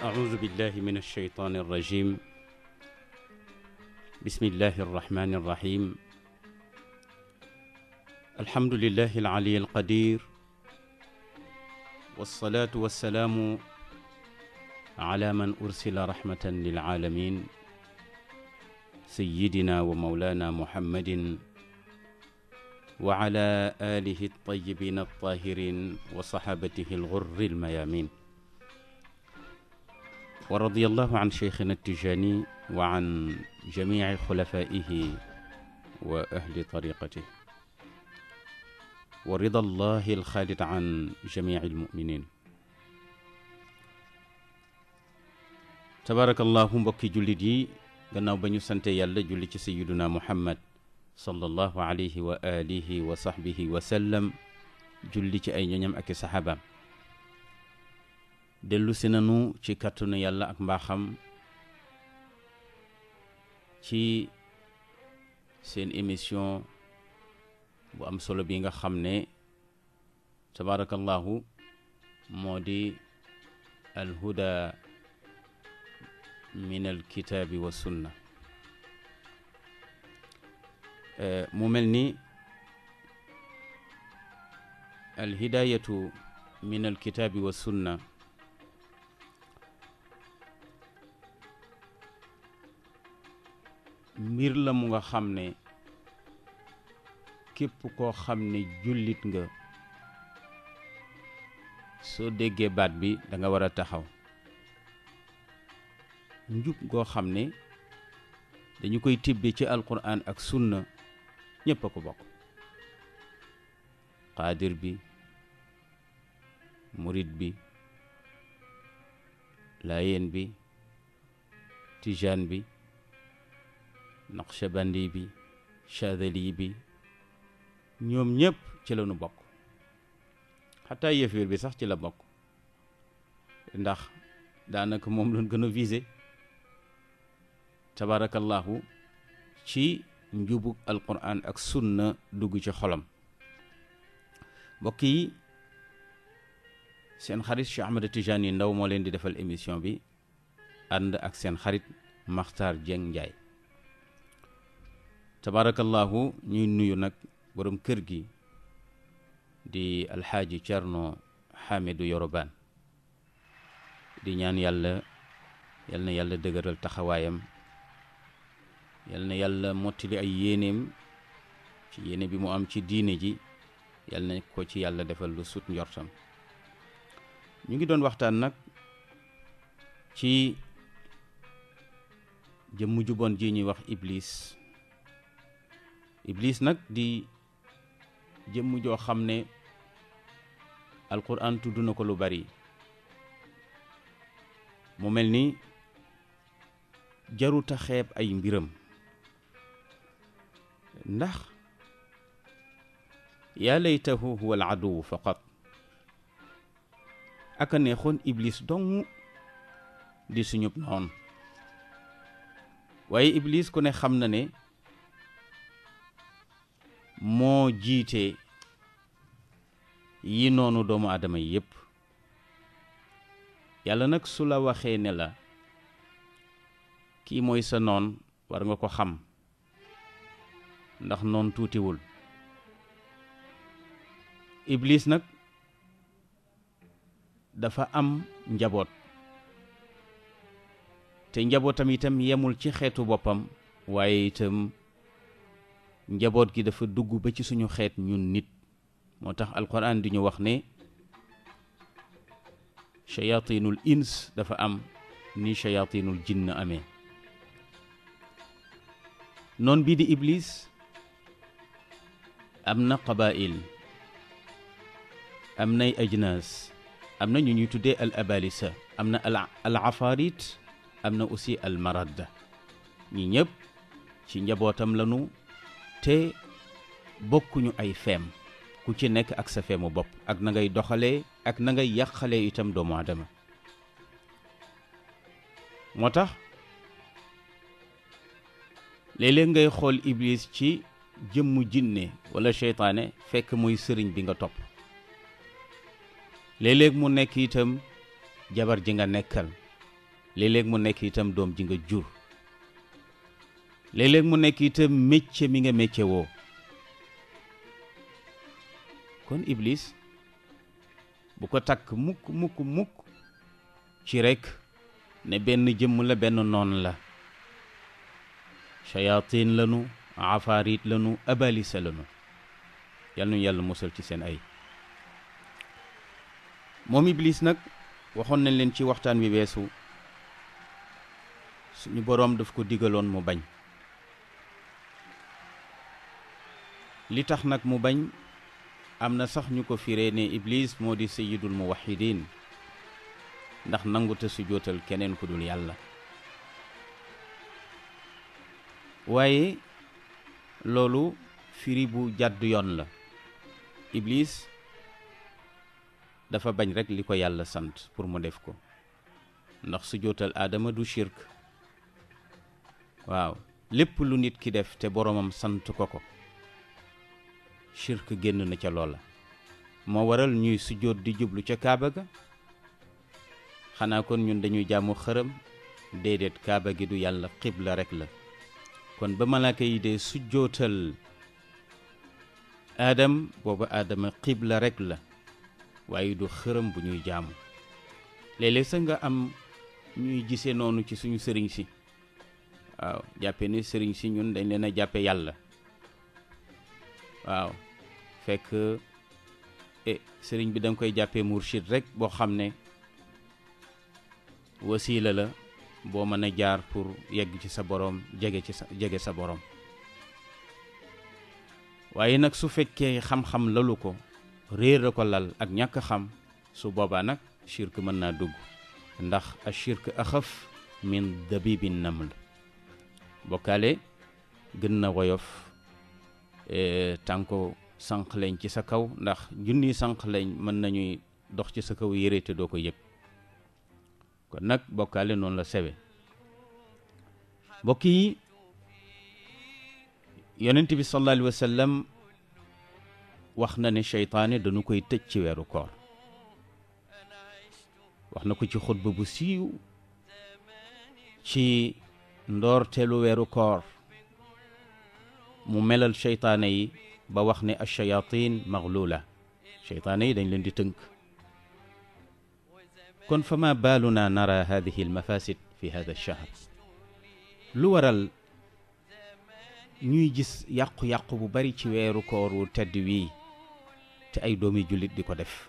أعوذ بالله من الشيطان الرجيم بسم الله الرحمن الرحيم الحمد لله العلي القدير والصلاة والسلام على من أرسل رحمة للعالمين سيدنا ومولانا محمد وعلى آله الطيبين الطاهرين وصحابته الغر الميامين ورضي الله عن شيخنا التجاني وعن جميع خلفائه واهل طريقته ورضا الله الخالد عن جميع المؤمنين تبارك الله بك جلدي غناو بنيو سنتي يالا جولي سيدنا محمد صلى الله عليه واله وصحبه وسلم جولي اي نيام أكي صحابه dellusi si nanu ci kàttanu yàlla ak mbaaxam ci seen émission bu am solo bi nga xam ne tabaarakallaahu moo di alhuda min alkitaabi wa sunna eh, mu mel ni alhidayatu min alkitaabi wa sunna mbir la mu nga xam ne képp koo xam ne jullit nga soo déggee baat bi danga war a taxaw njug goo xam ne dañu koy tibbe ci alquran ak sunna ñépp a ko bokk xaadir bi murit bi laayeen bi tijaan bi naqshbandi bi chadali bi ñoom ñëpp ci la ñu bokk xataa yëfiir bi sax ci la bokk ndax daanaka moom lañ gën a visé tabarakallahu ci njubug alquran ak sunna dugg ci xolam mbokk yi seen xarit Cheikh Ahmed Tidiane Ndao moo leen di defal émission bi ànd ak seen xarit Makhtar Dieng Ndiaye tabarakallahu ñuy nuyu nag borom kër gi di alxaaji Cerno Hamidou Yorobaan di ñaan yàlla yal na yàlla dëgëral taxawaayam yal na yàlla mottali ay yéeneem ci yéene bi mu am ci diine ji yal na ko ci yàlla defal lu sut njortam ñu ngi doon waxtaan nag ci jëmm ju bon ji ñuy wax iblis Iblis nag di jëmm joo xam ne alquran tudd na ko lu bari mu mel ni jaruta xeeb ay mbiram ndax yaa laytahu huwa al aduwu faqat aka neexoon iblis dong di suñub noon waaye iblis ku ne xam na ne moo jiite yi noonu doomu aadama yépp yàlla nag su la waxee ne la kii mooy sa noon war nga ko xam ndax noon tuutiwul Iblis nag dafa am njaboot te njabootam itam yemul ci xeetu boppam waaye itam njaboot gi dafa dugg ba ci suñu xeet ñun nit moo tax alquran di ñu wax ne shayatinul ins dafa am ni shayatinul jinn amee noon bii di iblis am na qabail am nay ajnas am na ñu ñuy tuddee al abalisa am na al afarit am na aussi al marad ñi ñëpp ci njabootam lanu te bokkuñu ay feem ku ci nekk ak sa feemu bopp ak na ngay doxalee ak na ngay yàqalee itam doomu moo tax léeg ngay xool iblis ci jëmmu jinné wala seytaane fekk muy sëriñ bi nga topp léeg mu nekk itam jabar ji nga nekkal léeg mu nekk itam doom ji nga jur léeg mu nekk itam métier mi nga métier woo kon iblis bu ko takk mukk mukk mukk ci rekk ne benn jëmm la benn noon la shayatin lanu afaarit lanu abalisa lanu yal nu yàlla musal ci seen ay moom ibliis nag waxoon nañ leen ci waxtaan wi weesu suñu boroom daf ko digaloon mu bañ li tax nag mu bañ am na sax ñu ko firee ne iblis moo di sayyidul muwahhidin ndax nangu te sujootal keneen ku dul yàlla waaye loolu firi bu jàdd yoon la iblis dafa bañ rek li ko yàlla sant pour mu def ko ndax sujootal aadama du shirk waaw lépp lu nit ki def te boromam sant ko ko shirk génn na ca loola moo waral ñuy sujjóot di jublu ca kaaba ga xanaa kon ñun dañuy jàmm xërëm déedéet kaaba gi du yàlla xibla rekk la kon ba malaaka yi dee sujjóotal aadam boobu aadama xibla rekk la waaye du xërëm bu ñuy jaamu léeg nga am ñuy gisee noonu ci suñu sëriñ si waaw jàppe ne sëriñ si ñun dañ leen a jàppe yàlla waaw fekk eh sëriñ bi da koy jàppee mursid rek boo xam ne wasiila la boo mën a jaar pour yegg ci sa boroom jege sa borom waaye nag su fekkee xam-xam lalu ko réer a ko lal ak ñàkk xam su boobaa nag shirk mën naa dugg ndax a shirk axaf min dabibi naml bokkaale gën na woyof Eh, tànko sànq lañ ci sa kaw ndax junni sànq lañ mën nañuy dox ci sa kaw yére te doo ko yëg kon nag bokkale noonu la sewe mbokk yi yonent bi sallallahu alayhi wax na ne seytaane dañu koy tëj ci weeru koor wax na ko ci xutba bu siiw ci ndoorteelu weeru koor mu melal seytaane yi ba wax ne ash-shayatin maghluula seytaane dañ leen di tënk kon fa ma baaluna nara hadihi almafasid fi hada ash-shahr lu waral ñuy gis yàqu-yàqu bu bari ci weeru koor wu tedd wii te ay doomi jullit di ko def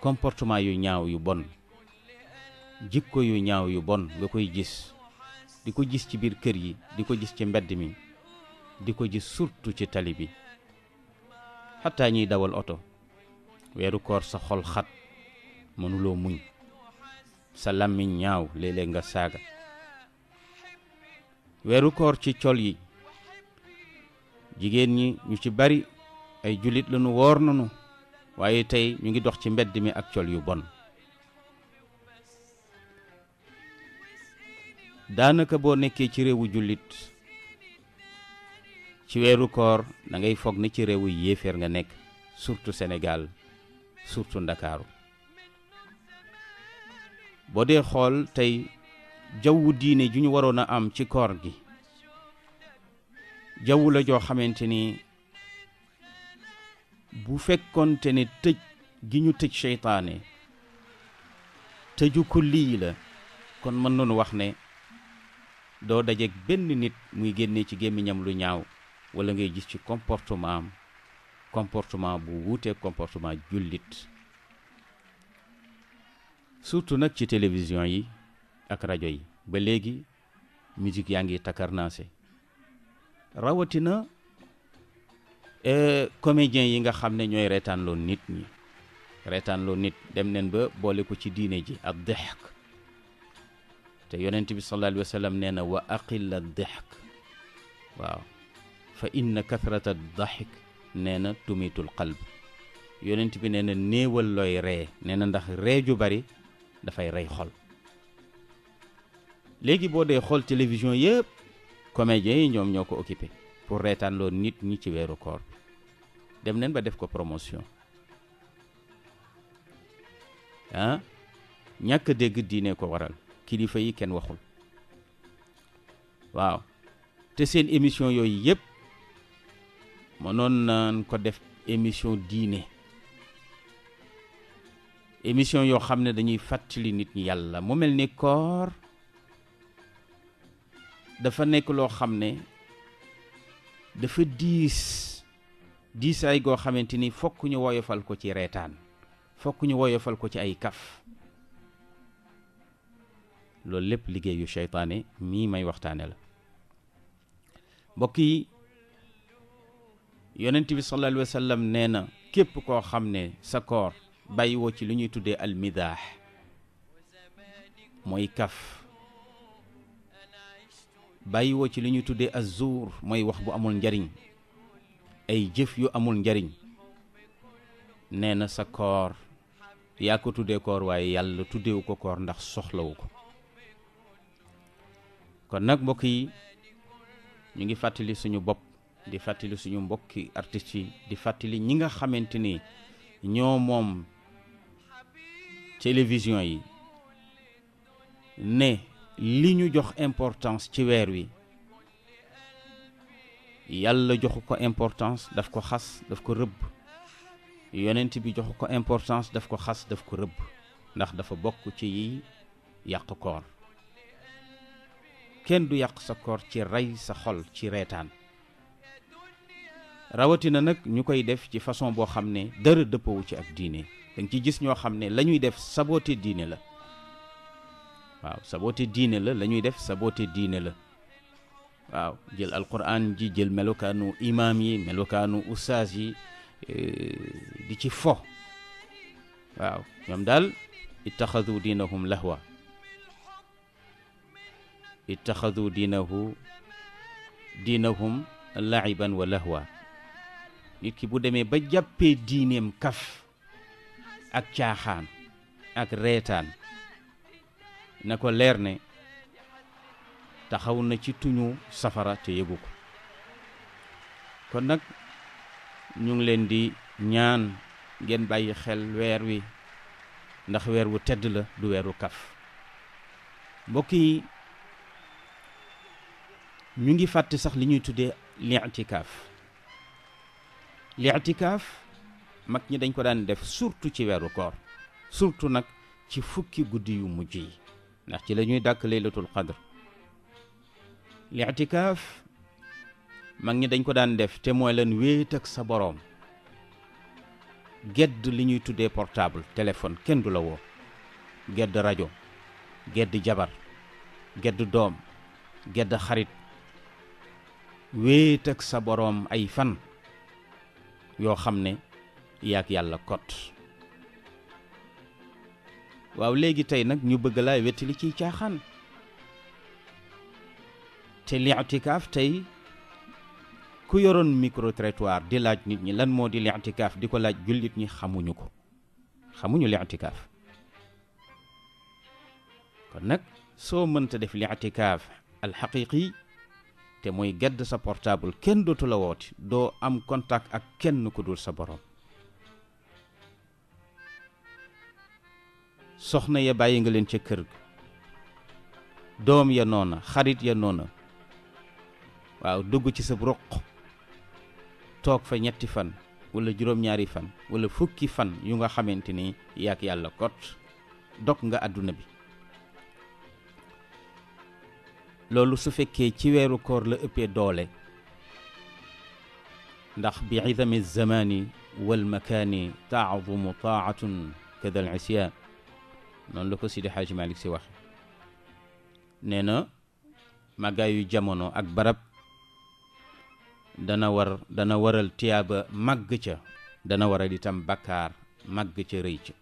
comportement yu ñaaw yu bon jikko yu ñaaw yu bon nga koy gis di gis ci biir kër yi di gis ci mbedd mi di ko gis surtout ci tali bi xataa ñuy dawal oto weeru koor sa xol xat mënuloo muñ sa làmmiñ ñaaw léeg nga saaga weerukoor ci col yi jigéen ñi ñu ci bari ay jullit lañu woor nañu waaye tey ñu ngi dox ci mbedd mi ak col yu bon daanaka boo nekkee ci réewu jullit ci weeru koor da ngay foog ni ci réewu yéeféer nga nekk surtout Sénégal surtout Ndakaaru boo dee xool tey jawwu diine ji ñu waroon a am ci koor gi jawwu la joo xamante ni bu fekkoonte ne tëj gi ñu tëj seytaane tëju kulli la kon mën nañu wax ne doo dajeek benn nit muy génne ci gémmiñam lu ñaaw wala ngay gis ci comportement comportement bu wuutee comportement jullit surtout nag ci télévision yi ak rajo yi ba léegi musique yaa ngi takarnaase rawatina eh, comédiens yi nga xam ne ñooy reetaan loon nit ñi reetaan loon nit dem neen ba boole ko ci diine ji ak dexk te yonent bi sallallahu alayhi wa nee na wa aqilla dexk waaw فإن كثرة الضحك نانا تميت القلب يونت بي نانا نيوال لوي ري نانا ندخ ري جو باري دا فاي ري خول لجي بو دي خول تلفزيون ييب كوميديان يي نيوم نيوكو اوكيبي pour rétan lo nit ñi ci wéru koor dem neen ba def ko promotion ah ñàkk dégg diine ko waral kilifa yi kenn waxul waaw te seen émission yooyu Monon a ko def émission diine émission yo xamné dañuy nit ñi koor dafa nek lo xamné dafa diis ay go xamanteni fokk ñu woyofal ko ci reetaan fokk ñu woyofal ko ci ay kaf loolu lépp yonent bi sallallahu alayhi wasallam neena nee na képp koo xam ne sa koor bàyyi bàyyiwoo ci lu ñuy tuddee almidaax mooy kaf bàyyi bàyyiwoo ci lu ñuy tuddee azzuur mooy wax bu amul njariñ ay jëf yu amul njariñ neena sa koor yaa ko tuddee koor waaye yàlla tuddeewu ko koor ndax soxlawu ko kon nag mbokk yi ñu ngi fàttali suñu bopp di fàttali suñu mbokki artistes yi di fàttali ñi nga xamante ni ñoo moom télévision yi ne li ñu jox importance ci weer wi yàlla joxu ko importance daf ko xas daf ko rëbb yonent bi joxu ko importance daf ko xas daf ko rëbb ndax dafa bokk ci yi yàq koor kenn du yàq sa koor ci rey sa xol ci reetaan rawatina nag ñu koy def ci façon boo xam ne dara dëppawu ci ak diine dañ ci gis ñoo xam ne la ñuy def saboté diine la waaw saboté diine la la ñuy def saboté diine la waaw jël alquran ji jël melokaanu imam yi melokaanu ustaas yi di ci fo waaw ñoom daal ittaxadu diinahum lahwa ittaxadu diinahu diinahum laiban wa lahwa nit ki bu demee ba jàppee diineem kaf ak caaxaan ak reetaan na ko leer ne taxaw na ci tuñu safara te yëgu ko kon nag ñu ngi leen di ñaan ngeen bàyyi xel weer wi ndax weer wu tedd la du weeru kaf mbokk yi ñu ngi fàtte sax li ñuy tuddee kaf li'tikaaf mag ñi dañ ko daan def surtout ci weeru koor surtout nag ci fukki guddi yu mujj yi ndax ci lañuy ñuy dàkk laylatul qadr li'tikaaf mag ñi dañ ko daan def te mooy leen wéet ak sa boroom gedd li ñuy tuddee portable téléphone kenn du la woo gedd rajo gedd jabar gedd doom gedd xarit wéet sa boroom ay fan yoo xam ne yaag yàlla kot waaw léegi tey nag ñu bëgg laa wettali ciy caaxaan te li'tikaaf tey ku yoroon micro-trottoir di laaj nit ñi lan moo di li'tikaaf di ko laaj jullit ñi xamuñu ko xamuñu li'tikaaf kon nag soo mënta def li'tikaaf alxaqiqi te mooy gedd sa portable kenn dootu la wooti doo am contact ak kenn ku dul sa borom soxna ya bàyyi nga leen ca kër gi doom ya noona xarit ya noona waaw dugg ci sa roq toog fa ñetti fan wala juróom-ñaari fan wala fukki fan yu nga xamante ni yaak yàlla kot dog nga àdduna bi loolu su fekkee ci weeru koor la ëppee doole ndax bi idami zamani wal makani taadumu taatun kada al isyan noonu la ko Sidi Xaaji Malik si waxe nee na màggaayu jamono ak barab dana war dana waral tiyaaba màgg ca dana waral itam bakkaar màgg ca rëy ca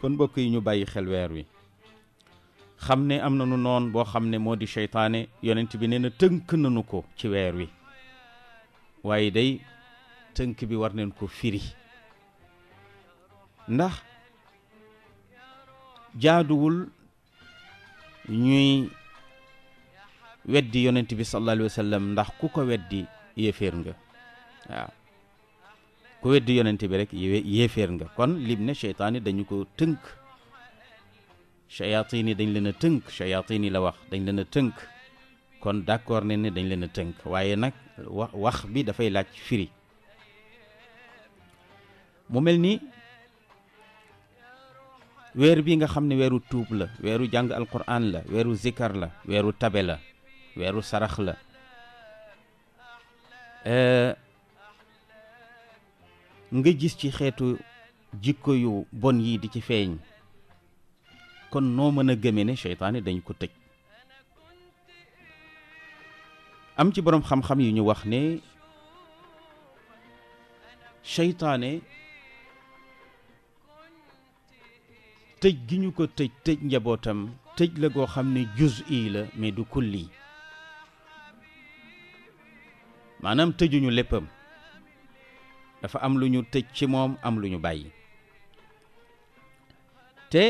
kon mbokk yi ñu bàyyi xel weer wi xam ne am nañu noon boo xam ne moo di seytaane yonent bi nee na tënk nañu ko ci weer wi waaye day tënk bi war nañ ko firi ndax jaaduwul ñuy weddi yonent bi sallallahu alayhi ndax ku ko weddi yéeféer nga waaw ku weddi bi rek yéeféer nga kon lim ne seytaane dañu ko tënk shayatin yi dañ leen a tënk shayatin yi la wax dañ leen a tënk kon d'accord ne ne dañ leen a tënk waaye nag wax wax bi dafay laaj firi mu mel ni weer bi nga xam ne weeru tuub la weeru jàng alquran la weeru zikar la weeru tabe la weeru sarax la nga gis ci xeetu jikko yu bon yi di ci feeñ kon noo mën a gëmee ne seytaane dañ ko tëj am ci boroom xam-xam yu ñu wax ne seytaane tëj gi ñu ko tëj tëj njabootam tëj la koo xam ne juz'i la mais du kulli maanaam tëjuñu léppam dafa am lu ñu tëj ci moom am lu ñu bàyyi te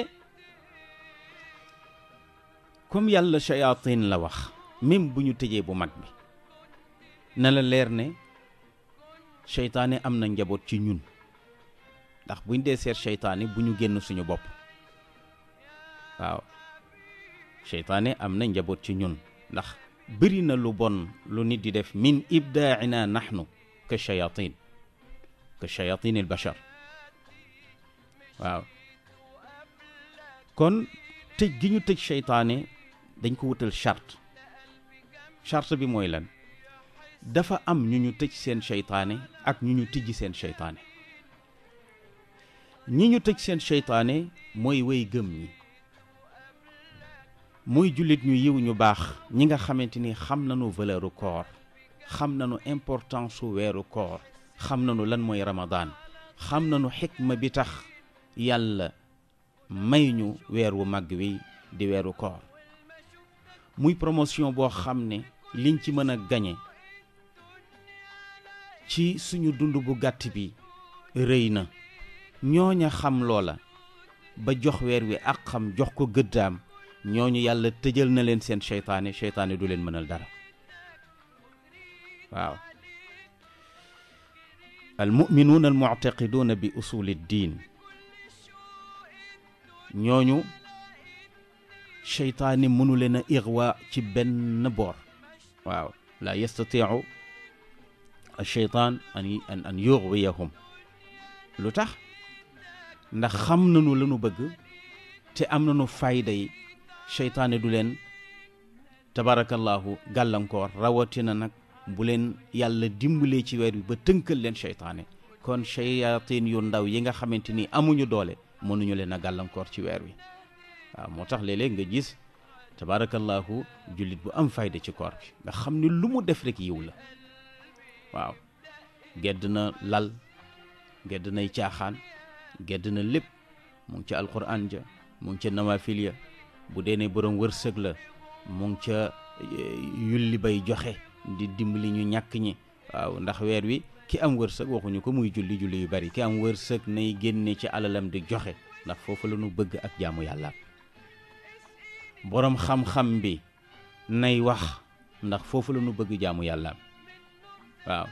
comme yàlla shayatin la wax même bu ñu tëjee bu mag bi na la leer ne seytaane am na njaboot ci ñun ndax buñ dee seet seytaane bu ñu génn suñu bopp waaw seytaane am na njaboot ci ñun ndax bëri na lu bon lu nit di def min ibdaaina nahnu ka shayatin ka shayatin al bashar waaw kon tëj gi ñu tëj seytaane dañ ko wutal charte charte bi mooy lan dafa am ñu ñu tëj seen seytaane ak ñu ñu tijji seen seytaane ñi ñu tëj seen seytaane mooy way gëm ni muy jullit ñu yiw ñu baax ñi nga xamante ni xam nañu valeuru koor xam nañu importance su weeru koor xam nañu lan mooy ramadaan xam nañu xikma bi tax yàlla may ñu weer wu màgg wi di weeru koor muy promotion boo xam ne liñ ci mën a gañe ci suñu dund bu gàtt bi rëy na ñooña xam loola ba jox weer wi ak xam jox ko gëddaam ñooñu yàlla tëjal na leen seen seytaane seytaane du leen mënal dara waaw almuminuuna almuctaqiduuna bi usuli diin ñooñu seytaane mënu leen a irwa ci benn boor waaw laa yastatiu alcheytaan an an an yurwiyahum lu tax ndax xam nañu la ñu bëgg te am nañu fayda yi seytaane du leen tabarakallahu gàllankoor rawatina nag bu leen yàlla dimbalee ci weer bi ba tënkal leen seytaane kon seyaatin yu ndaw yi nga xamante ni amuñu doole mënuñu leen a gàllankoor ci weer wi waaw moo tax léeg-léeg nga gis tabaarakallaahu jullit bu am fayda ci koor bi nga xam ni lu mu def rekk yiw la waaw gedd na lal gedd nay caaxaan gedd na lépp mu ngi ca alquran ja mu ngi ca nawafil ya bu dee ne borom wërsëg la mu ngi ca e, yulli bay joxe di dimbali ñu ñàkk ñi waaw ndax weer wi ki am wërsëg waxuñu ko muy julli julli yu bari ki am wërsëg nay génne ci alalam di joxe ndax foofu la ñu bëgg ak jaamu yàlla boroom xam-xam bi nay wax ndax foofu la ñu bëgg jaamu yàlla waaw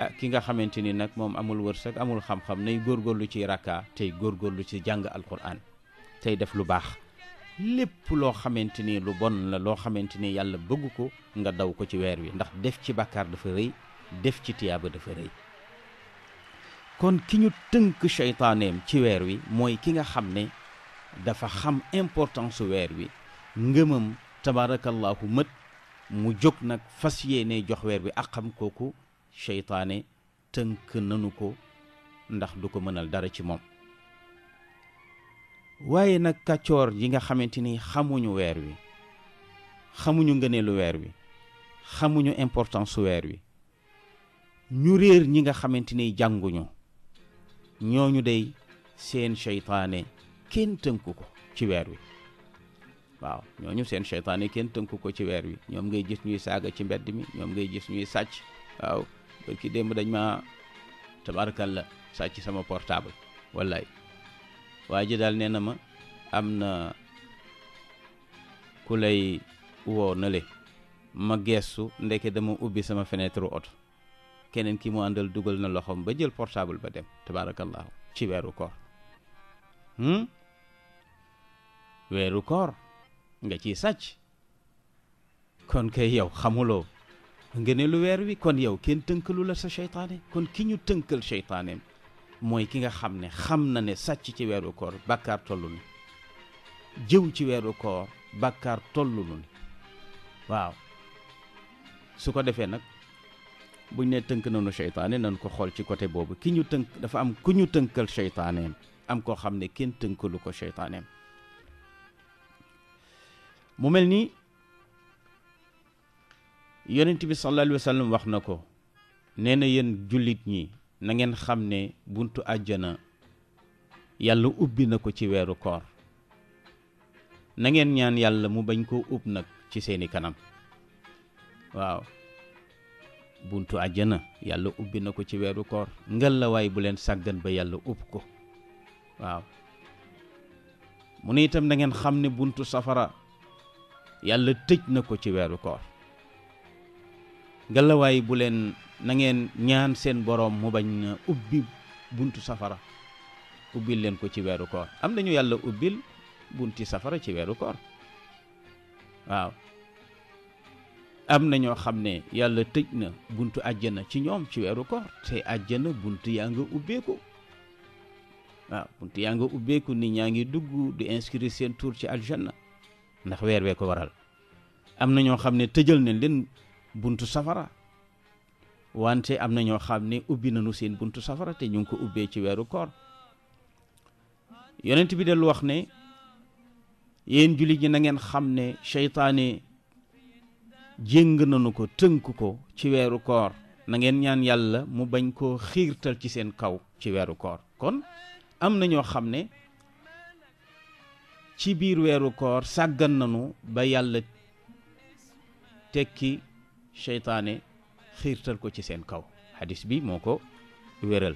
ah, ki nga xamante ni nag moom amul wërsëg amul xam-xam nay góorgóorlu ciy rakka tey góor góorgóorlu ci jàng alquran tey def lu baax lépp loo xamante ni lu bon la loo xamante ni yàlla bëgg ko nga daw ko ci weer wi ndax def ci bàkkaar dafa rëy def ci tiyaaba dafa rëy kon ki ñu tënk seytaaneem ci weer wi mooy ki nga xam ne dafa xam importance su weer wi ngëmam tabaarakallaahu mët mu jóg nag fas yéene jox weer bi ak xam kooku seytaane tënk nanu ko ndax du ko mënal dara ci moom waaye nag kàccoor yi nga xamante ni xamuñu weer wi xamuñu ngëneelu weer wi xamuñu importance su weer wi ñu réer ñi nga xamante ni jànguñu ñooñu day seen seytaane kenn tënku ko ci weer wi waaw ñoo ñu seen seytaane kenn tënku ko ci weer wi ñoom ngay gis ñuy saaga ci mbedd mi ñoom ngay gis ñuy sàcc waaw barki démb dañ ma tabarkal la sàcc sama portable wallaay waa ji daal nee na ma am na ku lay woo na le ma geestu ndeke dama ubbi sama fenêtre oto keneen ki mu àndal dugal na loxoom ba jël portable ba dem tabarakallahu ci weeru koor hmm? weeru koor nga ciy sàcc kon kay yow xamuloo nga lu weer wi kon yow kenn tënkalu la sa seytaane kon ki ñu tënkal saytaaneem mooy ki nga xam ne xam na ne sàcc ci weeru koor bàkkaar tollu ni jëw ci weeru koor bàkkaar tollu ni waaw su ko defee nag buñ ne tënk nañu seytaane nanu ko xool ci côté boobu ki ñu tënk dafa am ku ñu tënkal seytaaneem am koo xam ne kenn tënkalu ko seytaaneem mu mel ni yonent bi sallallahu alayhi wax na ko nee na yéen jullit ñi nangeen xam ne buntu àjjana yàlla ubbi na ko ci weeru koor na ngeen ñaan yàlla mu bañ koo ub nag ci seeni kanam waaw buntu àjjana yàlla ubbi na ko ci weeru koor ngel la waay bu leen sàggan ba yàlla ub ko waaw mu ne itam na xam ne buntu safara yàlla tëj na ko ci weeru koor ngelawaay bu leen na ñaan seen boroom mu bañ na ubbi buntu safara ubbil leen ko ci weeru koor am nañu yàlla ubbil bunti safara ci weeru koor waaw am na ñoo xam ne yàlla tëj na buntu àjjana ci ñoom ci weeru koor te àjjana buntu yaa nga ubbeeku waaw buntu yaa nga ubbeeku nit ñaa ngi dugg di inscrire seen tur ci aljanna ndax weer wee ko waral am na ñoo xam ne tëjal nañ leen buntu safara wante am na ñoo xam ne ubbi nañu seen buntu safara te ñu ngi ko ubbee ci weeru koor yonent bi de dellu wax ne yéen jullit ñi na xam ne seytaane jéng nañu ko tënk ko ci weeru koor na ngeen ñaan yàlla mu bañ koo xiirtal ci seen kaw ci weeru koor kon am na ñoo xam ne ci biir weeru koor sàggan nanu ba yàlla tekki seytaane xiirtal ko ci seen kaw xadis bi moo ko wéral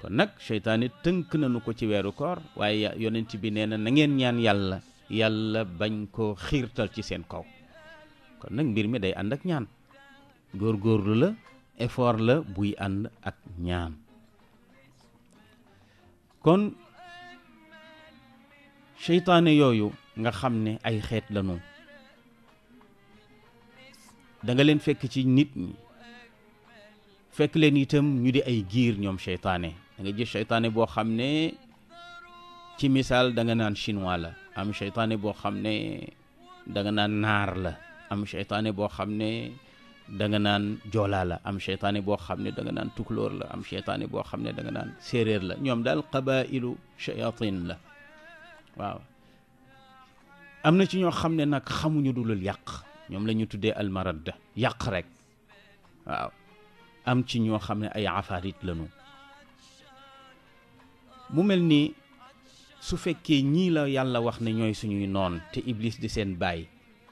kon nag seytaane tënk nanu ko ci weeru koor waaye yonent bi nee na na ñaan yàlla yàlla bañ ko xiirtal ci seen kaw kon nag mbir mi day ànd ak ñaan góorgóorlu la effort la buy ànd ak ñaan kon seytaane yooyu nga xam ne ay xeet la da danga leen fekk ci nit fekk leen itam ñu di ay giir ñoom seytaane da nga gis seytaane boo xam ne ci misaal da nga naan chinois la am seytaane boo xam ne danga naan naar la am seytaane boo xam ne da naan joolaa la am seytaane boo xam ne da nga naan tukulóor la am seytaane boo xam ne da naan séeréer la ñoom daal qabailu shayatin la waaw am na ci ñoo xam ne nag xamuñu dulul yàq ñoom la ñu tuddee almarad yàq rek waaw am ci ñoo xam ne ay afaarit lañu mu mel ni su fekkee ñii la yàlla wax ne ñooy suñuy noon te iblis di seen baay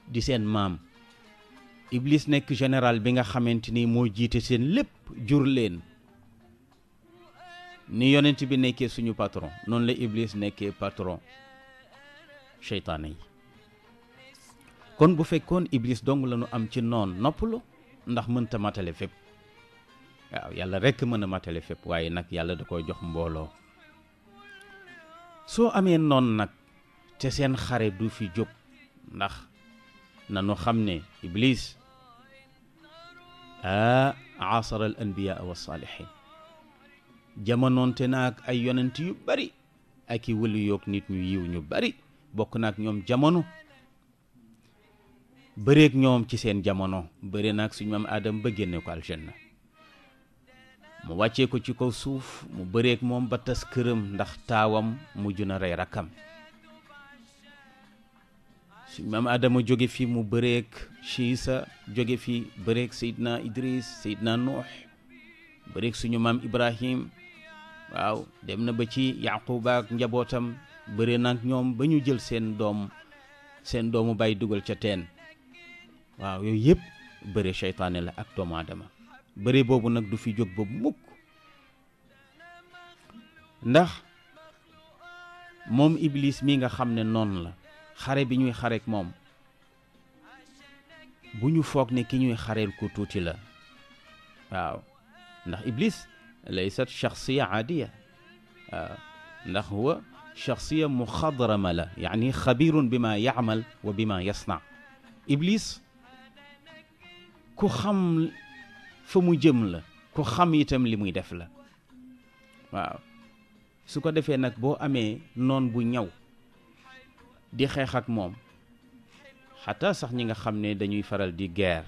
di seen maam iblis nekk général bi nga xamante ni moo jiite seen lépp jur leen ni yonent bi nekkee suñu patron noonu la iblis nekkee patron seytaane yi kon bu fekkoon iblis dong la ñu am ci noon noppalu ndax mënta matale fépp waaw yàlla rekk mën a matale fépp waaye nag yàlla da koy jox mbooloo soo amee noon nag te seen xare du fi jóg ndax nanu xam ne iblis ah aasara al anbiyaa wa saalihin jamonoonte na ay yonent yu bari ak i wëlu yoog nit ñu yiw ñu bari bokk na ak ñoom jamono bëreeg ñoom ci seen jamono bëre na ak suñu maam aadama ba génne mu wàccee ko ci kaw suuf mu bëreeg moom ba tas këram ndax taawam mujj na rey rakkam suñu maam aadama jóge fi mu bëreeg Chiisa jóge fi bëreeg Seydina Idris Seydina Nuux bëreeg suñu maam Ibrahim waaw dem na ba ci Yaquba njabootam bëre nak ñom jil sendom jël seen doom seen doomu bay dugal ca teen waaw yoy yëpp bëre shaytané la ak doom aadama bëre bobu nak du fi jog ba mukk ndax mom iblis mi nga xam non la xare bi ñuy xarek moom bu ñu foog ne ki ñuy xareel ko tuuti la waaw ndax iblis laysat shaxsiya adiya ndax huwa شخصية مخضرمة له يعني خبير بما يعمل وبما يصنع إبليس كخم فمو جملة كخم يتم لمو دفلة واو سوكو دفي نك بو أمي نون بو نيو دي خيخك موم حتى صح نيغا خمني دانيو فرال دي غير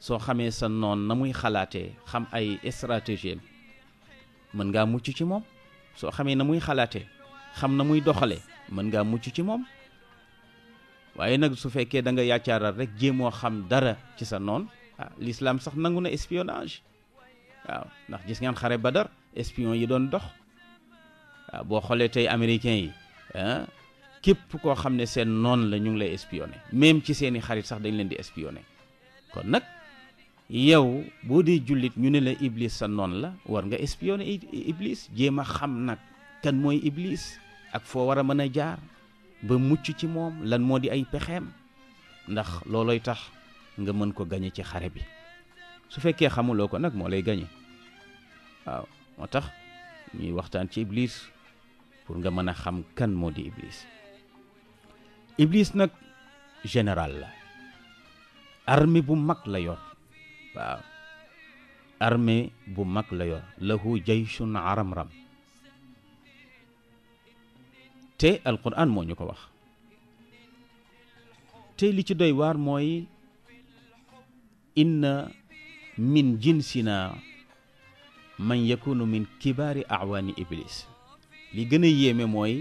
سو خمي سن نون نموي خلاتي خم أي استراتيجي من نغا موچو موم سو خمي نموي خلاتي xam na muy doxale mën ngaa mucc ci moom waaye nag su fekkee da nga yaacaaral rek jéemoo xam dara ci sa noon ah l'islam sax nangu na espionnage waaw ndax gis ngeen xare ba Badar espion yi doon dox waaw ah, boo xoolee tey américain yi ah, képp koo xam ne seen noon la ñu ngi lay espionné même ci seeni xarit sax dañ leen di espionné kon nag yow boo dee jullit ñu ne la iblis sa noon la war nga espionné iblis jéem a xam nag kan mooy iblis ak foo war a mën a jaar ba mucc ci moom lan moo di ay pexeem ndax loolooy tax nga mën ko gañe ci xare bi su fekkee xamuloo ko nag moo lay gañe waaw moo tax ñuy waxtaan ci iblis pour nga mën a xam kan moo di ibliis iblis nag général la armée bu mag la yor waaw armée bu mag la yor lahu jayshun aramram te alquran moo ñu ko wax te li ci doy waar mooy inna min jinsina man yakunu min kibaari awaani iblis li gën a yéeme mooy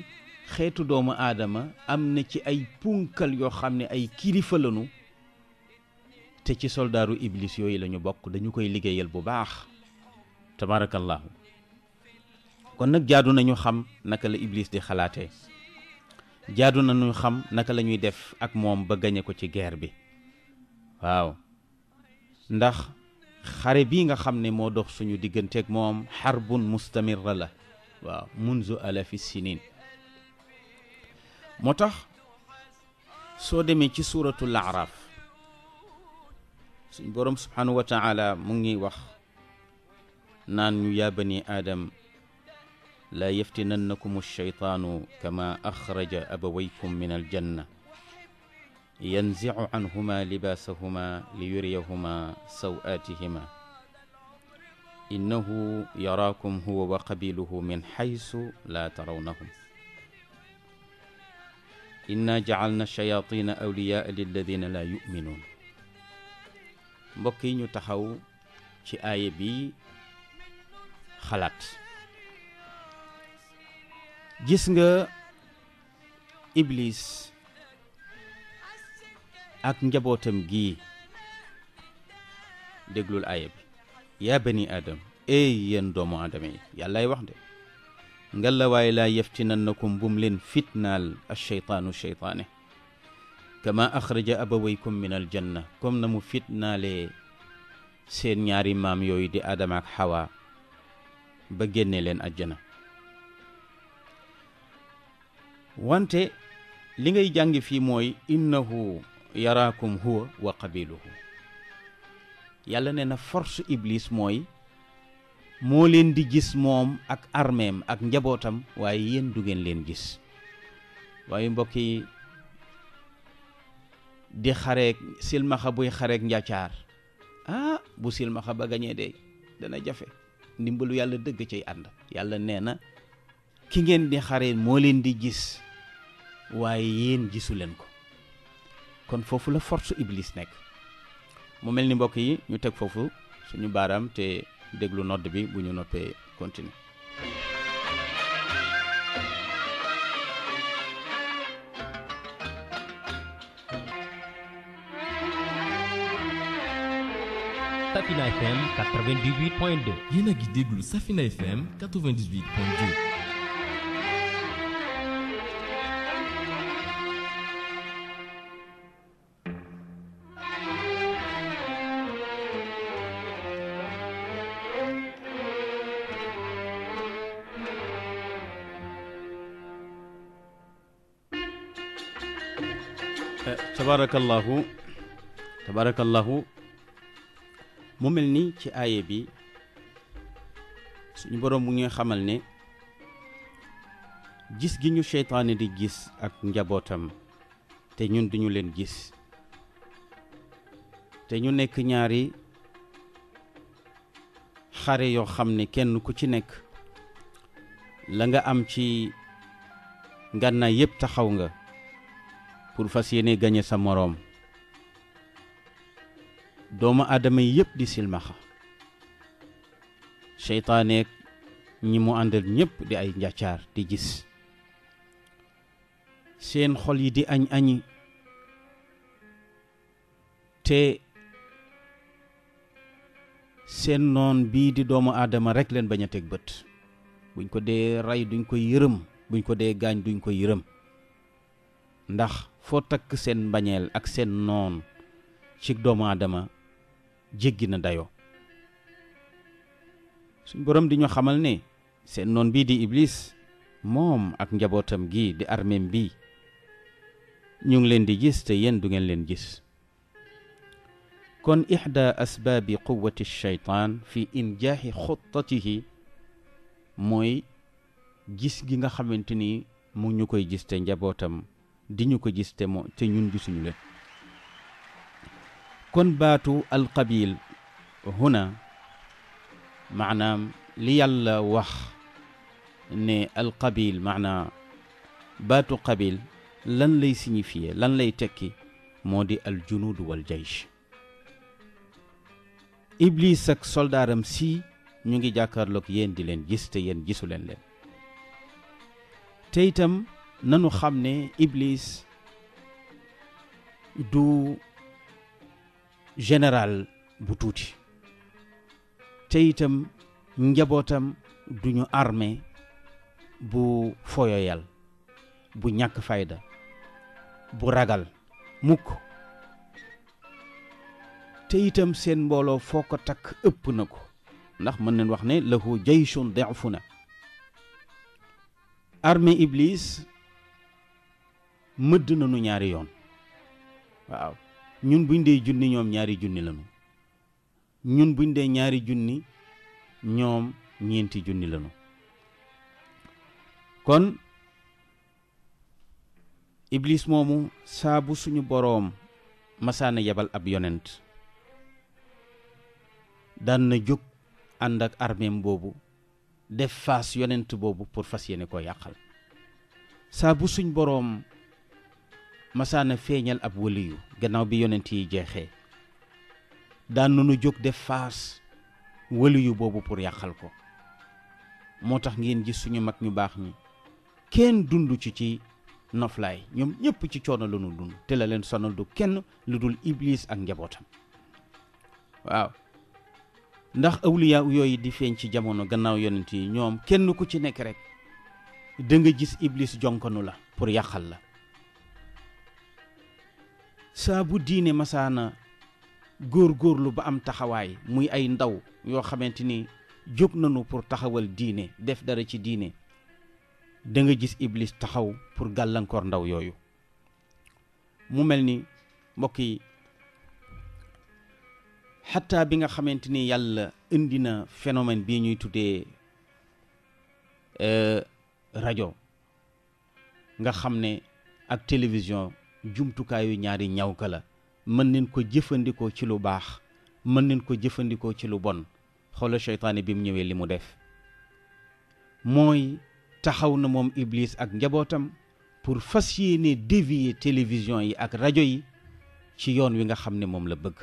xeetu doomu aadama am na ci ay punkal yoo xam ne ay kilifa te ci soldaaru iblis yooyu lañu bokk dañu koy liggéeyal bu baax tabaarakallaahu kon nak jaadu nañu xam naka la Iblis di xalaatee jaadu nañu xam naka lañuy def ak moom ba gañe ko ci guerre bi waaw ndax xare bi nga xam ne moo dox suñu digganteeg moom xarbun mustamirra la waaw munzu alafi sinin moo tax soo demee ci suuratul araaf suñ boroom subhaanahu wa taala mu ngi wax naan ñu yaa bani aadam لا يفتننكم الشيطان كما أخرج أبويكم من الجنة ينزع عنهما لباسهما ليريهما سوآتهما إنه يراكم هو وقبيله من حيث لا ترونهم إنا جعلنا الشياطين أولياء للذين لا يؤمنون بكين تحو ñu taxaw ci aaya gis nga iblis ak njabootam gi déglul aaya bi yaa bani aadam ey yéen doomu aadama yi yàllaay wax de ngallaawaay laa yeftinannakum bum leen fitnaal asheytaanu sheytaane kama axraja abawaykum min aljanna comme na mu fitnaalee seen ñaari maam yooyu di aadama ak xawa ba génne leen ajjana wante li ngay jàng fii mooy innahu yaraakum huwa wa qabiluhu yàlla ne na force iblis mooy moo leen di gis moom ak armeem ak njabootam waaye yéen du ngeen leen gis waaye mbokk yi di xareeg silmaxa buy xareeg njàccaar ah bu silmaxa ba gañee de dana jafe ndimbalu yàlla dëgg cay ànd yàlla nee na ki ngeen di xare moo leen di gis waaye yéen gisu leen ko kon foofu la force iblis nekk mu mel ni mbokk yi ñu teg foofu suñu baaraam te déglu nodd bi bu ñu noppee continuer Safina FM a ngi déglu Safina FM tabarakallahu tabarakallahu mu mel ni ci aaye bi suñu boroom bu ngi xamal ne gis gi ñu seytaane di gis ak njabootam te ñun duñu leen gis te ñu nekk ñaari xare yoo xam ne kenn ku ci nekk la nga am ci ngànnaay yépp taxaw nga pour fas yéene gañe sa moroom doomu aadama yi yëpp di silmaxa seytaaneek ñi mu àndal ñépp di ay njaccaar di gis seen xol yi di añ añi te seen noon bii di doomu aadama rekk leen bañ teg bët buñ ko dee ray duñ ko yërëm buñ ko dee gaañ duñ ko yërëm ndax foo takk seen mbañeel ak seen noon ci doomu aadama jéggi na dayoo suñ borom di ñu xamal ne seen noon bii di iblis moom ak njabootam gi di armeem bi ñu ngi leen di gis te yéen du ngeen leen gis kon ixda asbaabi quwati shaytaan fi injaahi xuttatihi mooy gis gi nga xamante ni mu ñu koy gis te njabootam di ñu ko gis te moo te ñun gisuñu leen kon baatu alqabil huna maanaam li yàlla wax ne alqabil maanaam baatu qabil lan lay signifier lan lay tekki moo di al junuud wal jaysh iblis soldaaram si ñu ngi jàkkaarloog yéen di leen gis te yéen gisu leen leen nanu xam ne ibliis du général bu tuuti te itam njabootam duñu armée bu foyoyal bu ñàkk fayda bu ragal mukk te itam seen mbooloo foo ko takk ëpp na ko ndax mën nañ wax ne la jayshun da'funa armée Iblis mëdd nañu ñaari yoon waaw ñun buñ dee junni ñoom ñaari junni lañu ñun buñ dee ñaari junni ñoom ñeenti junni lañu kon iblis moomu saabu suñu boroom masaana yebal ab yonent daan na jóg ànd ak armeem boobu def faas yonent boobu pour fas yéene koo yàqal saa bu boroom masaana feeñal ab waliyu gannaaw bi yonent yi jeexee daan nañu jóg def faas waliyu boobu pour yàqal ko moo tax ngeen gis suñu mag ñu baax ñi kenn dundu ci ci noflaay ñoom ñëpp ci coono la ñu dund te la leen sonal du kenn lu dul ibliis ak njabootam waaw ndax awliya yooyu di feeñ ci jamono gannaaw yonent yi ñoom kenn ku ci nekk rek da nga gis iblis jonkanu la pour yàqal la saa bu diine masaana góorgóorlu ba am taxawaay muy ay ndaw yoo xamante ni jóg nañu pour taxawal diine def dara ci diine da nga gis iblis taxaw pour gàllankoor ndaw yooyu mu mel ni mbokk yi xataa bi nga xamante ni yàlla indi na phénomène bii ñuy tuddee euh, rajo nga xam ne ak télévision jumtukaayu ñaari ñawka la mën neen ko jëfandikoo ci lu baax mën neen ko jëfandikoo ci lu bon xoola seytaane bi mu ñëwee li mu def mooy taxaw na moom Iblis ak njabootam pour fas yéene dévier télévision yi ak rajo yi ci yoon wi nga xam ne moom la bëgg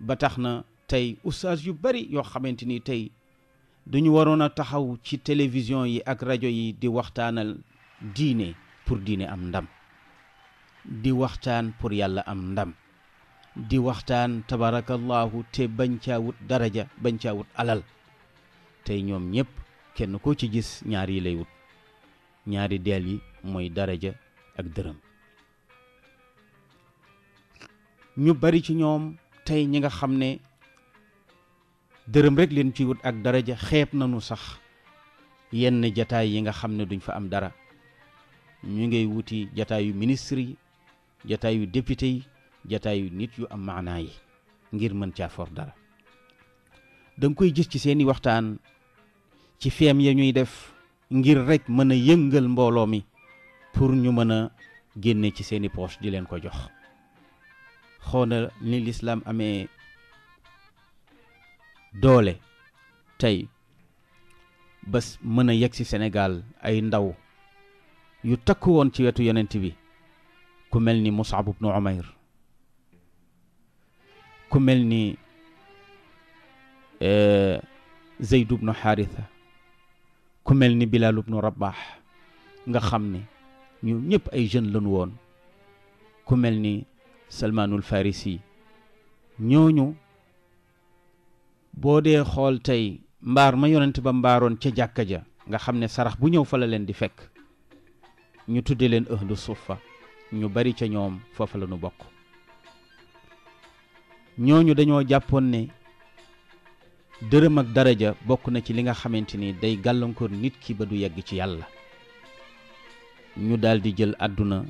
ba tax na tey ustaas yu bari yoo xamante ni tey duñu waroon a taxaw ci télévision yi ak rajo yi di waxtaanal diine pour diine am ndam di waxtaan pour yàlla am ndam di waxtaan tabarakallahu te bañ caa wut daraja bañ caa wut alal tey ñoom ñëpp kenn koo ci gis ñaar yi lay wut ñaari deel yi mooy daraja ak dërëm ñu bari ci ñoom tey ñi nga xam ne dërëm rek leen ci wut ak daraja xeeb nañu sax yenn jataay yi nga xam ne duñ fa am dara ñu ngay wuti jataayu ministre yi jataayu député yi jataayu nit yu am maanaa yi ngir mën caa for dara danga koy gis ci seeni waxtaan ci feem ya ñuy def ngir rek mën a yëngal mbooloo mi pour ñu mën a génne ci seeni poche di leen ko jox xoona ni lislaam amee doole tey bés mën a yegg ci senegal ay ndaw yu takk woon ci wetu yenent bi كملني مصعب بن عمير كملني زيد بن حارثة كملني بلال بن رباح nga xam ne ñu ñëpp ay jeune lan woon ku mel ni farisi ñooñu boo dee xool tey mbaar ma yonent ba mbaaroon ca jàkka ja nga xam ne sarax bu ñëw fa la leen di fekk ñu tudde leen ahlu suffa ñu bari ca ñoom foofa lañu bokk ñooñu dañoo jàppoon ne dërëm ak daraja bokk na ci li nga xamante ni day gàllankoor nit ki ba du yegg ci yàlla ñu daldi jël àdduna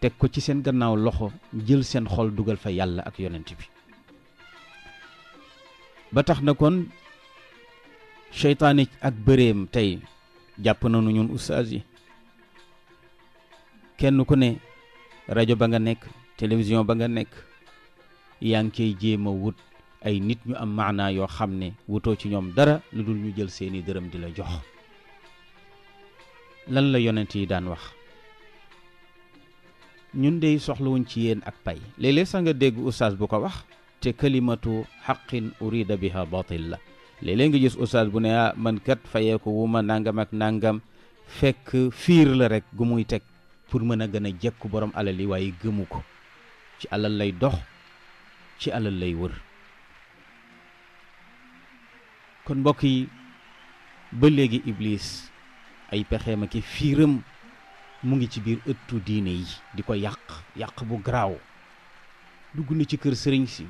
teg ko ci seen gannaaw loxo jël seen xol dugal fa yàlla ak yonent bi ba tax na kon seytaane ak bëreem tey jàpp nañu ñun ustaas yi kenn ku ne rajo ba nga nekk télévision ba nga nekk yaa ngi koy jéem wut ay nit ñu am maanaa yoo xam ne wutoo ci ñoom dara lu dul ñu jël seeni dërëm di la jox lan la yonent yi daan wax ñun dey soxlawuñ ci yéen ak pay léeg-léeg sax nga dégg ustaas bu ko wax te kalimatu xaqin urida biha batil la léeg-léeg nga gis ustaas bu ne ah man kat fayee ko wu ma nangam ak nangam fekk fiir la rek gu muy teg pour mën a gën a jekku boroom alal yi waaye gëmu ko ci alal lay dox ci alal lay wër kon mbokk yi ba léegi iblis ay pexeem ak i fiiram mu ngi ci biir ëttu diine yi di ko yàq yàq bu garaaw dugg na ci kër sëriñ si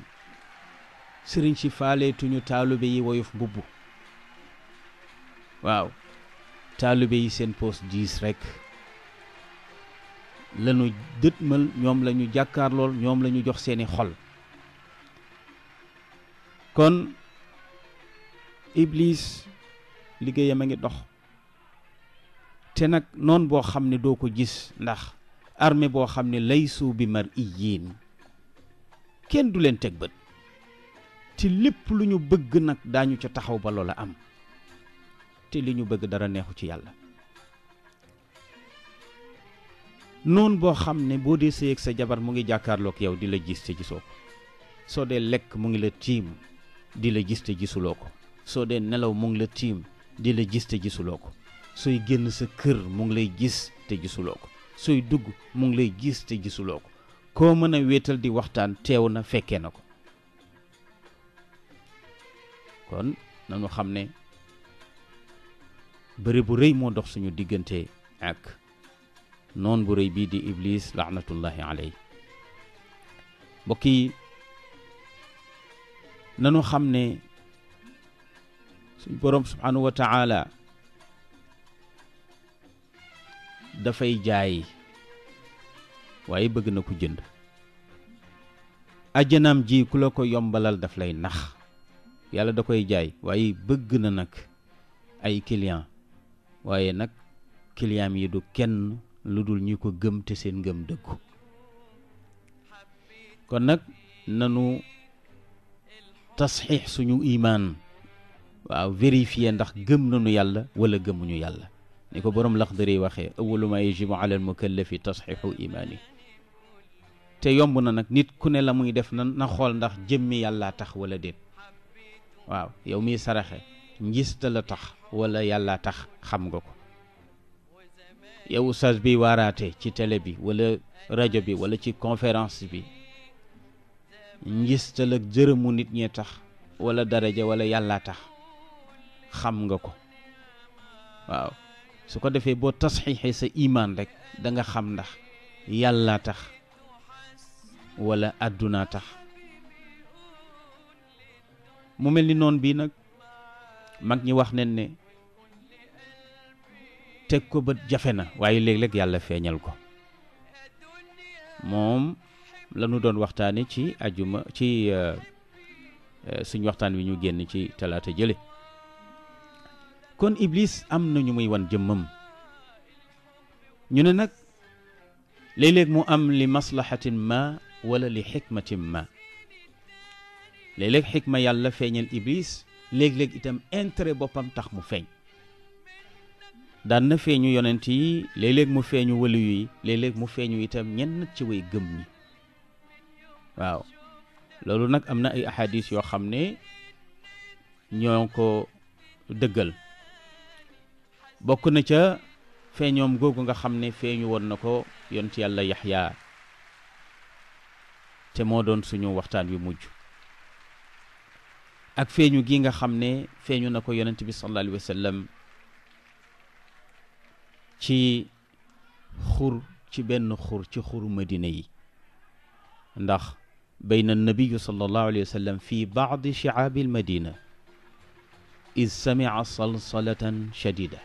sëriñ si faaleetuñu taalibe yi woyof mbubb waaw taalibe yi seen poos diis rekk lañu dëtmal ñoom lañu ñu jàkkaarlool ñoom la jox seeni xol kon iblis liggéeyam a ngi dox te nag noon boo xam ne doo ko gis ndax arme boo xam ne laysu bi mar yiin kenn du leen teg bët te lépp lu ñu bëgg nag daañu ca taxaw ba loola am te li ñu bëgg dara neexu ci yàlla noon boo xam ne boo dee sëy ak sa jabar mu ngi jàkkaarlook yow di la gis te gisoo ko soo dee lekk mu ngi la tiim di la gis te gisuloo ko soo dee nelaw mu ngi la tiim di la gis te gisuloo ko sooy génn sa kër mu ngi lay gis te gisuloo ko sooy dugg mu ngi lay gis te gisuloo ko koo mën a wéetal di waxtaan teew na fekkee na ko kon nanu xam ne bëri bu rëy moo dox suñu diggante ak noon bu rëy bii di iblis laanatullahi aley mbokk yi nanu xam ne suñ boroom subhaanahu wa taala dafay jaay waaye bëgg na ko jënd ajjanaam ji ku la ko yombalal daf lay nax yàlla da koy jaay waaye bëgg na nag ay client waaye nag client yi du kenn lu dul ñi ko gëm te seen ngëm dëggu kon nag nanu tasxiix suñu imaan waaw vérifier ndax gëm nanu yàlla wala gëmuñu yàlla ni ko boroom Laxdari waxee awalu ma yajibu ala al mukallafi tasxiixu imaani te yomb na nag nit ku ne la muy def na na xool ndax jëmmi yàllaa tax wala déet waaw yow miy saraxe ngis ta la tax wala yàllaa tax xam nga ko yow ustaas bi waaraate ci télé bi wala rajo bi wala ci conférence bi ngistal ak jërëmu nit ñee tax wala daraja wala yàllaa tax xam nga ko waaw su ko defee boo tasxiixee sa imaan rek danga xam ndax yàllaa tax wala àddunaa tax mu mel ni noon bii nag mag ñi wax nen ne teg ko bët jafe na waaye léeg-léeg yàlla feeñal ko moom la doon waxtaane ci ajuma ci euh, euh, suñ waxtaan wi ñu génn ci talaata jële kon iblis am na ñu muy wan jëmmam ñu ne nag léeg-léeg mu am li maslahatin ma wala li xikmatin ma léeg-léeg xikma yàlla feeñal iblis léeg-léeg itam intérêt boppam tax mu feeñ daan na feeñu yonent yi léeg mu feeñu wëlu yi léeg mu feeñu itam ñenn ci way gëm ñi waaw loolu nag am na ay ahadis yoo xam ne ñoo ko dëggal bokk na ca feeñoom googu nga xam ne feeñu woon na ko yont yàlla yaxya te moo doon suñu waxtaan wi mujj ak feeñu gii nga xam ne feeñu na ko yonent bi sallallahu alayhi wa ci xur ci benn xur ci xuru madina yi ndax bayna nabiyu sallallahu alayhi wa sallam fi baadi shiaabi almadina id samica salsalatan shadida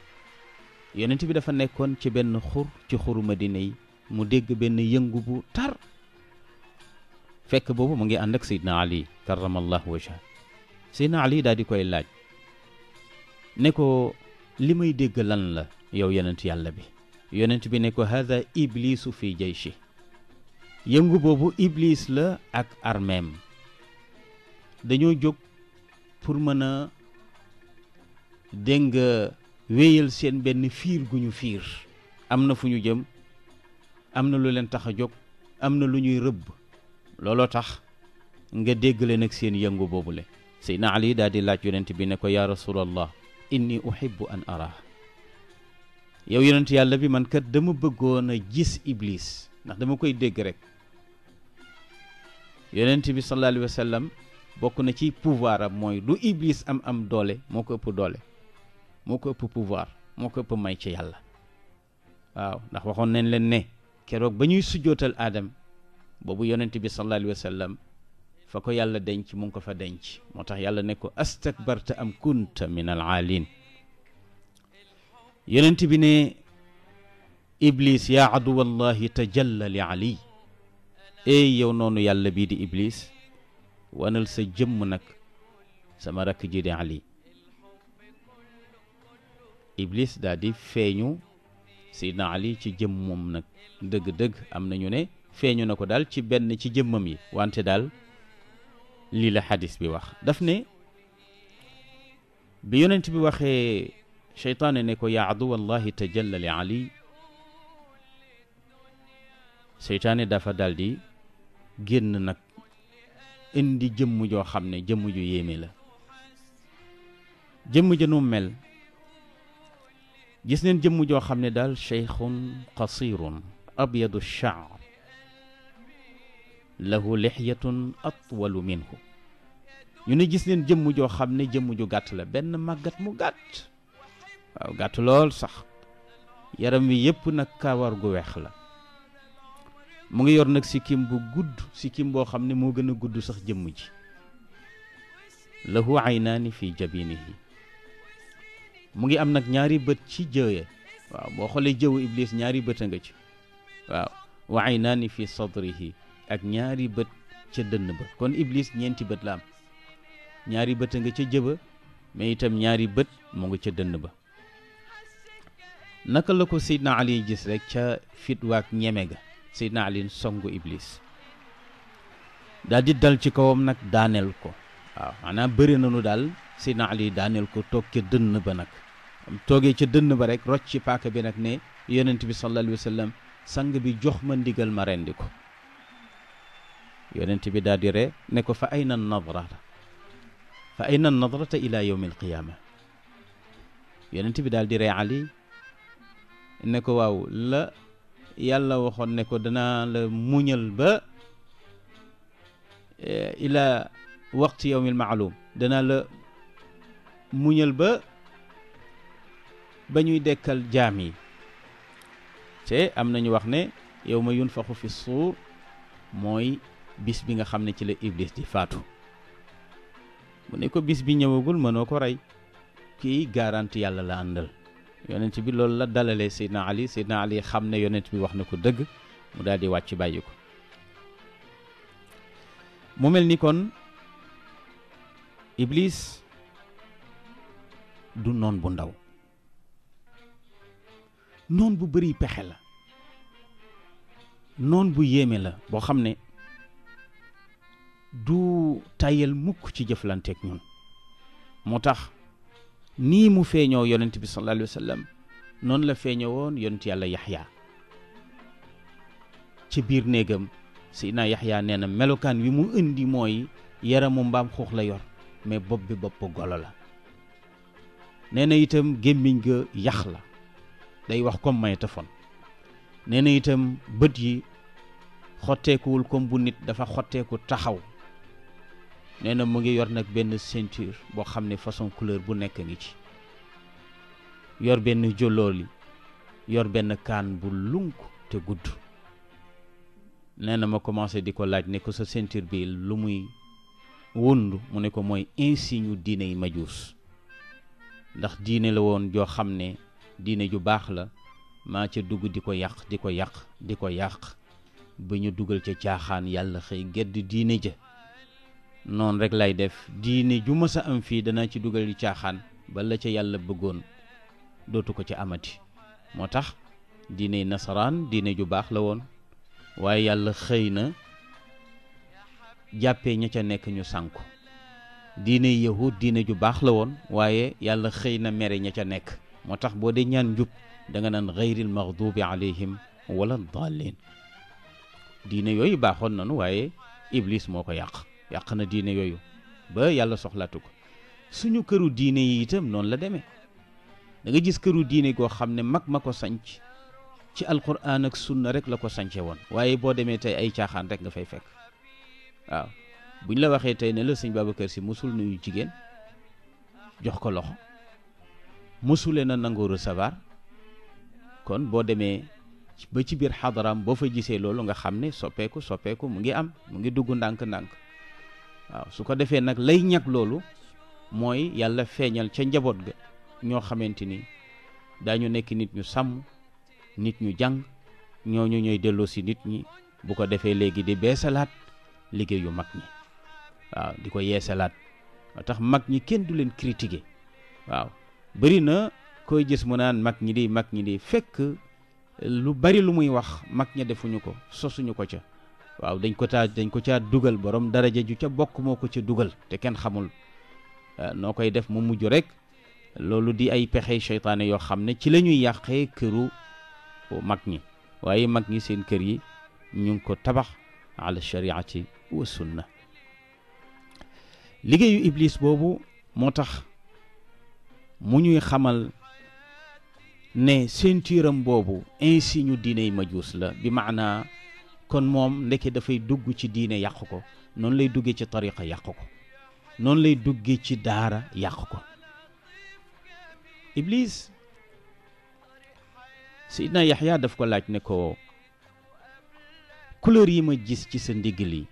yonent bi dafa nekkoon ci benn xur ci xuru madina yi mu dégg benn yëngu bu tar fekk boobu mu ngi ànd ak Seydina Ali karamallahu wajha Seydina Ali daal di koy laaj ne ko li may dégg lan la yow yonent yàlla bi yonent bi ne ko hada iblisu fi jayshi yëngu boobu iblis la ak armem dañoo jóg pour mën a dégg nga wéyal seen benn fiir gu ñu fiir am na fu ñu jëm am na lu leen tax a jóg am na lu ñuy rëbb looloo tax nga dégg leen ak seen yëngu le sayna ali daal di laaj yonent bi ne ko yaa rasulallah inni uhibbu an araa yow yonent yàlla bi man kat dama bëggoon a gis iblis ndax dama koy dégg rek yonent bi sallallahu alayhi wasallam sallam bokk na ci pouvoir am mooy du iblis am am doole moo ko ëpp doole moo ko ëpp pouvoir moo ko ëpp may ci yàlla waaw ndax waxoon nañ leen ne keroog ba ñuy sujjootal aadam boobu yonent bi sallallahu alayhi wasallam sallam fa ko yàlla denc mu ngi ko fa denc moo tax yàlla ne ko astakbarta am kunta min al aalin yonent bi ne iblis yaa aduwallahi tajalla li ali ey yow noonu yàlla bii di iblis wanal sa jëmm nag sama rakk ji di ali iblis daal di feeñu sidna ali ci jëmmam nag dëgg-dëgg am nañu ne feeñu na ko daal ci benn ci jëmmam yi wante daal lii la xadis bi wax daf ne bi yonent bi waxee seytaane ne ko yaa aduwallahi tajalla li ali seytaane dafa daldi génn nag indi jëm joo xam ne jëmm ju yéeme la jëmm ja nu mel gis neen jëmm joo xam ne daal cheykhun qasirun abyadu shaar lahu lixyatun atwalu minhu ñu ne gis neen jëmm joo xam ne jëmm ju gàtt la benn màggat mu gàtt waaw gàtt lool sax yaram wi yépp nag kaawar gu weex la mu ngi yor nag sikkim bu gudd sikkim boo xam ne moo gën a gudd sax jëmm ji lahu aynaani fi jabinihi mu ngi am nag ñaari bët ci jëye waaw boo xoolee jëw iblis ñaari bët a nga ci waaw wa aynaani fi sadrihi ak ñaari bët ca dënn ba kon iblis ñeenti bët la am ñaari bët a nga ca jëba mais itam ñaari bët mu nga ca dënn ba naka la ko Seydina Ali gis rek ca fit waak ñeme ga Seydina Ali songu Iblis daal di dal ci kawam nag daaneel ko waaw maanaam bëri nanu daal Seydina Ali daaneel ko toog ca dënn ba nag toogee ca dënn ba rek roc ci paaka bi nag ne yonent bi sallallahu alayhi wa sang bi jox ma ndigal ma rendi yonent bi daal di ne ko fa ayna nadrata fa ayna nadrata ila yawmi alqiyama yonent bi daal di Ali ne ko waaw la yàlla waxoon ne ko danaa la muñal ba ila waqti waxtu al maalum danaa la muñal ba ba ñuy dekkal jaam yi te am nañu wax ne yow ma yunfaxu fi suur mooy bis bi nga xam ne ci la iblis di faatu mu ne ko bis bi ñëwagul mënoo ko rey kii garanti yàlla la àndal yonent bi loolu la dalalee Seydina Ali Seydina Ali xam ne yonent bi wax na ko dëgg mu daal di wàcc bàyyi ko mu mel ni kon Iblis du noon bu ndaw noon bu bëri pexe la noon bu yéeme la boo xam ne du tàyyal mukk ci jëflanteeg ñun moo tax nii mu feeñoo yonent bi sallallahu alayhi wa noonu la feeñoo woon yonent yàlla yaxya ci biir néegam Seydina yaxya nee na melokaan wi mu indi mooy yaramu mbaam xuux la yor mais bopp bi bopp golo la nee na itam gémmiñ ga yax la day wax comme maytafon nee na itam bët yi xotteekuwul comme bu nit dafa xotteeku taxaw nee na mu ngi yor nag benn ceinture boo xam ne façon couleur bu nekk ngi ci yor benn jollooli yor benn kaan bu lunk te gudd nee na ma commencé di ko laaj ne ko sa ceinture bii lu muy wund mu ne ko mooy insigne diine yi ma juus ndax diine la woon joo xam ne diine ju baax la maa ca dugg di ko yàq di ko yàq di ko yàq ba ñu dugal ca caaxaan yàlla xëy gedd diine ja non rek lay def diini ju ma sa am fii dana ci dugal yu caaxaan ba la ca yàlla bëggoon dootu ko ci amati moo tax diiney nasaraan diine ju baax la woon waaye yàlla xëy na jàppee ña ca nekk ñu sànku diine yahud diine ju baax la woon waaye yàlla xëy na mere ña ca nekk moo tax boo dee ñaan njub da nga naan gayril maxdubi alayhim wala daalin diine yooyu baaxoon nanu waaye iblis moo ko yàq yàq na diine yooyu ba yàlla soxlaatu ko suñu këru diine yi itam noonu la deme danga gis këru diine goo xam ne mag ma ko sañc ci alquran ak sunna rek la ko sance woon waaye boo demee tey ay caaxaan rek nga fay fekk waaw buñ la waxee tey ne la sëñ kër Si mosul nuyu jigéen jox ko loxo mosule na nangu recevoir kon boo demee ba ci biir xadaraam boo fa gisee loolu nga xam ne soppeeku soppeeku mu ngi am mu ngi dugg ndànk-ndànk waaw su ko defee nag lay ñag loolu mooy yàlla feeñal ca njaboot ga ñoo xamante ni daañu nekk nit ñu sàmm nit ñu jàng ñooñu ñooy delloo si nit ñi bu ko defee léegi di beesalaat liggéey yu mag ñi waaw di ko yeesalaat moo tax mag ñi kenn du leen critiquer waaw bëri na koy gis mu naan mag ñi di mag ñi di fekk lu bari lu muy wax mag ña defuñu ko sosuñu ko ca waaw dañ ko taa dañ ko caa dugal borom daraja ju ca bokk moo ko ca dugal te kenn xamul eh, noo koy def mu mujj rek loolu di ay pexe seytaane yoo xam ne ci lañuy ñuy yàqee këru mag ñi waaye mag ñi seen kër yi ñu ngi ko tabax ala ci wa sunna liggéeyu iblis boobu moo tax mu ñuy xamal ne seen tiiram boobu insigne diiney majuus la bi maanaa kon moom ndeke dafay dugg ci diine yàq ko noonu lay duggee ci tariqa yàq ko noonu lay dugge ci daara yàq ko iblis Seydina Yaxya daf ko laaj ne ko couleur yi ma gis ci sa ndigg li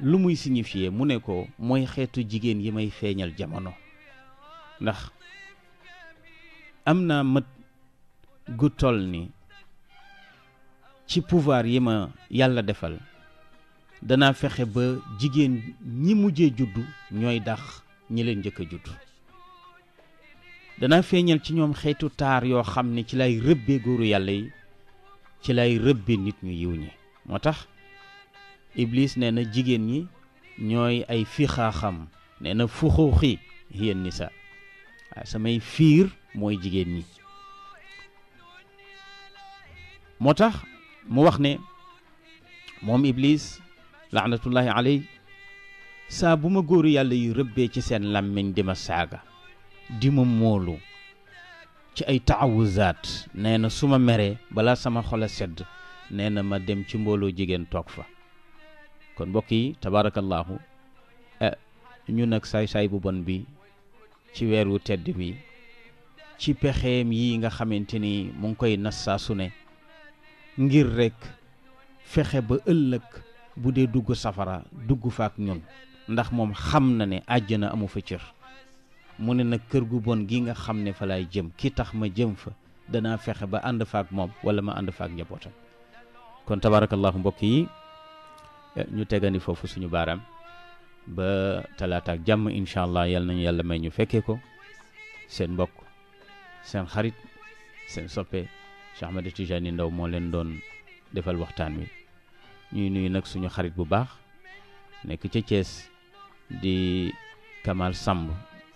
lu muy signifier mu ne ko mooy xeetu jigéen yi may feeñal jamono ndax am naa mat gu toll ni ci pouvoir yi ma yàlla defal danaa fexe ba jigéen ñi mujje juddu ñooy dax ñi leen njëkk juddu judd danaa feeñal ci ñoom xeetu taar yoo xam ne ci lay rëbbee góoru yàlla yi ci lay rëbbee nit ñu yiw ñi moo tax ibliis nee na jigéen ñi ñooy ay fixaaxam nee na fuxuuxi hiya nisa waaw samay fiir mooy jigéen ñi moo tax mu wax ne moom iblis laanatullahi aley saa bu ma góor yàlla yu rëbbee ci seen làmmiñ di ma saaga di ma moolu ci ay taawuzaat nee na su ma meree balaa sama xol a sedd nee na ma dem ci mbooloo jigéen toog fa kon mbokk yi tabaarakallaahu eh, ñu nag saay-saay bu bon bi ci weer wu tedd bi ci pexeem yi nga xamante ni mu ngi koy nas saa su ne ngir rekk fexe ba ëllëg bu dee dugg safara dugg faak ñun ndax moom xam na ne àjjana amu fa cër mu ne na kër gu bon gi nga xam ne fa laay jëm kii tax ma jëm fa danaa fexe ba ànd faak moom wala ma ànd faak njabootam kon tabaarakallaahu mbokk yi eh, ñu tegani foofu suñu baaraam ba talaataak jàmm incha allah yal nañu yàlla may ñu fekkee ko seen mbokk seen xarit seen soppe Cheikh Ahmed Tidiane Ndaw moo leen doon defal waxtaan wi ñu nuyu nag suñu xarit bu baax nekk ca Thiès di Kamal Samb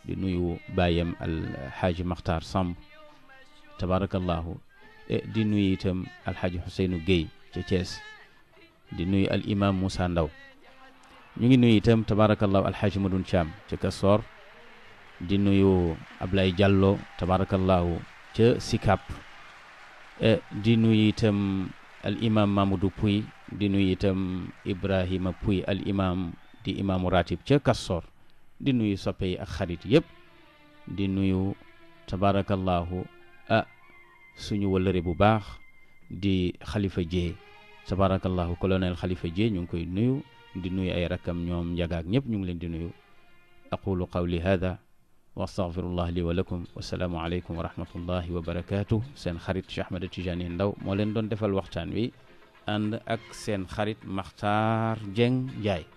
di nuyu bàyyam alxaaji Maxtaar Samb tabaarakallaahu e, di nuyu itam alxaaji Xuseynu Guèye ca Thiès di nuyu al imam Moussa Ndaw ñu ngi nuyu itam tabaarakallaahu alxaaji Madun Thiam ca Kasoor di nuyu Ablaye Diallo tabaarakallaahu ca Sikap Eh, di nuyu itam al imam Mamadou Puy di nuyu itam Ibrahima Puy al imam di imaamu ratib ca Kassoor di nuyu soppe yi ak xarit yëpp di nuyu tabaarakallaahu ah suñu wëlëre bu baax di xalifa jee tabaarakallaahu colonel xalifa jee ñu ngi koy nuyu di nuyu ay rakkam ñoom njagaak ñëpp ñu ngi leen di nuyu aqulu qawli hada واستغفر الله لي ولكم والسلام عليكم ورحمة الله وبركاته سين خريط شحمد تجاني ندو مولين دون دفل وقتان وي أند أك سين خريط مختار جن جاي